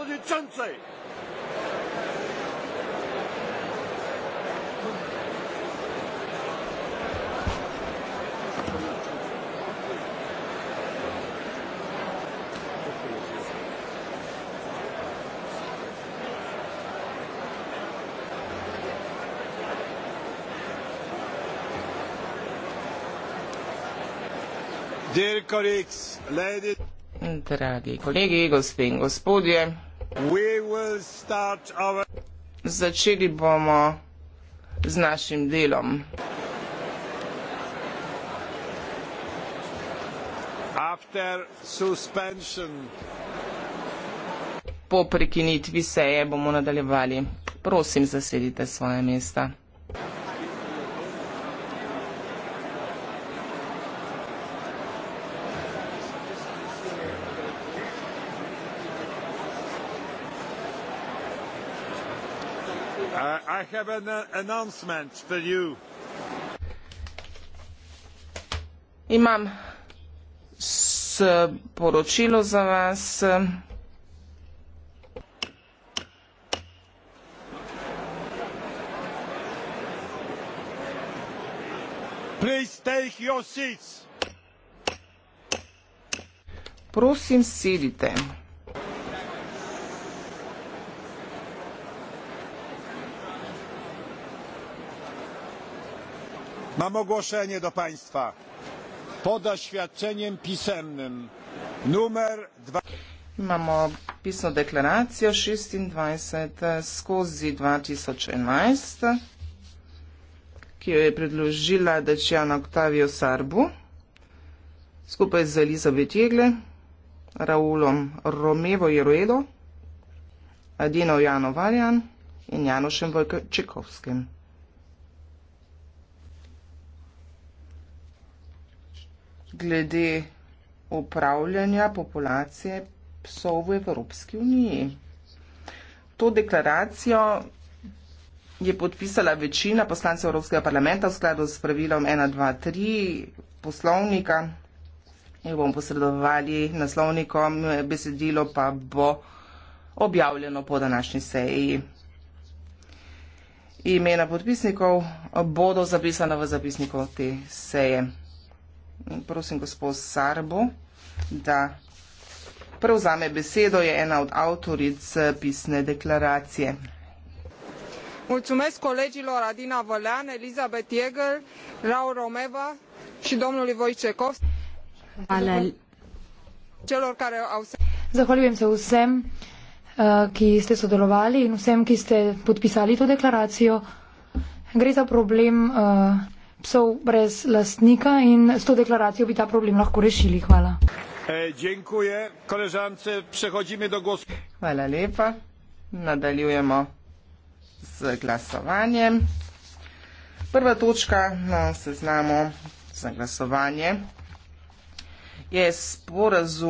Prawo dziecięcej. Dragi kolegi, gospe in gospodje, Začeli bomo z našim delom. Po prekinitvi seje bomo nadaljevali. Prosim, zasedite svoje mesta. I have an uh, announcement for you. Imam sporočilo za vas. Please take your seats. Prosim, sedite. mam ogłoszenie do państwa pod oświadczeniem pisemnym numer dwa... Imamo pisno deklaracijo 26 skozi 2011, ki jo je predložila Dečjana Octavio Sarbu skupaj z Elizabet Jegle, Raulom Romevo Jeruedo, Adino Jano Varjan in Janošem Vojčekovskim. glede upravljanja populacije psov v Evropski uniji. To deklaracijo je podpisala večina poslancev Evropskega parlamenta v skladu s pravilom 1.2.3 poslovnika. Jo bomo posredovali naslovnikom, besedilo pa bo objavljeno po današnji seji. Imena podpisnikov bodo zapisana v zapisniku te seje in prosim gospod Sarbo, da prevzame besedo, je ena od avtoric eh, pisne deklaracije. Mulțumesc colegilor Adina Vălean, Elizabeth Jäger, Raul Romeva și domnului Voicecov. Ale... Celor care au Zahvaljujem se vsem, uh, ki ste sodelovali in vsem, ki ste podpisali to deklaracijo. Gre za problem uh, psov brez lastnika in s to deklaracijo bi ta problem lahko rešili. Hvala. E, dziękuję koleżance. Przechodzimy do głosu. Hvala lepa. Nadaljujemo z glasovanjem. Prva točka na seznamu za glasovanje je sporazum.